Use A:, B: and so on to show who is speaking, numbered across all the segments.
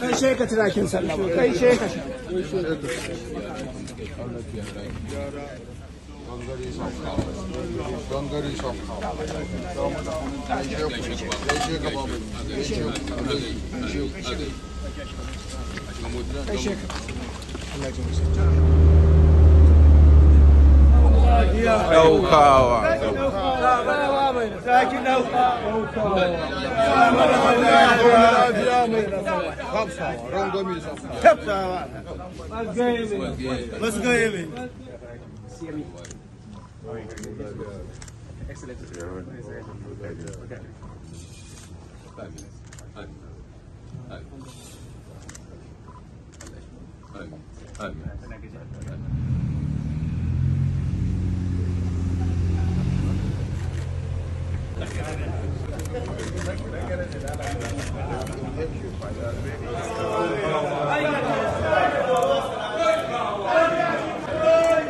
A: kai sheka tirakin sallama kai sheka kai
B: لكنه you رونغومي خمسة بس Excellent. Five minutes. Five minutes. Five minutes. Five minutes. Five minutes.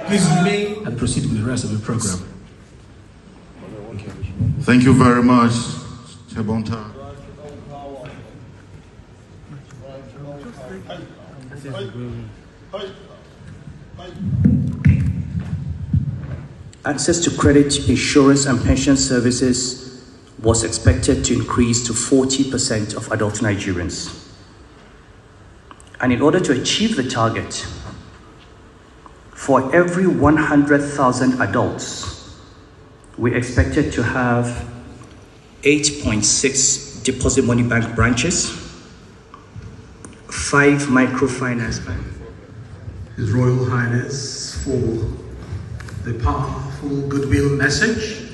B: Please remain and proceed with the rest of the program. Thank you very much, Chebonta. Access to credit, insurance, and pension services was expected to increase to 40% of adult Nigerians. And in order to achieve the target, for every 100,000 adults, we expected to have 8.6 deposit money bank branches, five microfinance banks. His Royal Highness for the powerful goodwill message.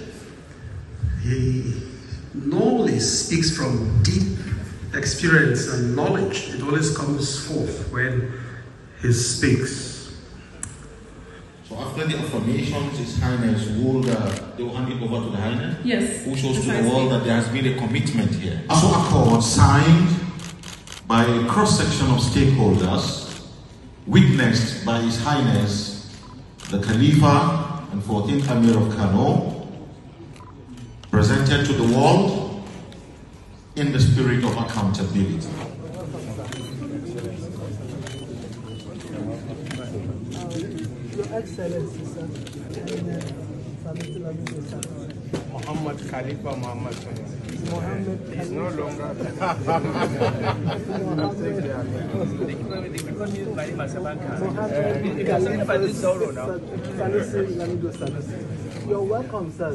B: He normally speaks from deep experience and knowledge. It always comes forth when he speaks. So after the affirmations, His Highness will uh, they will hand it over to the Highness? Yes. Who shows to the world that there has been a commitment here. A so accord signed by a cross-section of stakeholders, witnessed by His Highness, the Khalifa and 14th Amir of Kano, presented to the world in the spirit of accountability. Excellency, sir. Muhammad Khalifa Muhammad Muhammad is no longer. You're welcome, sir.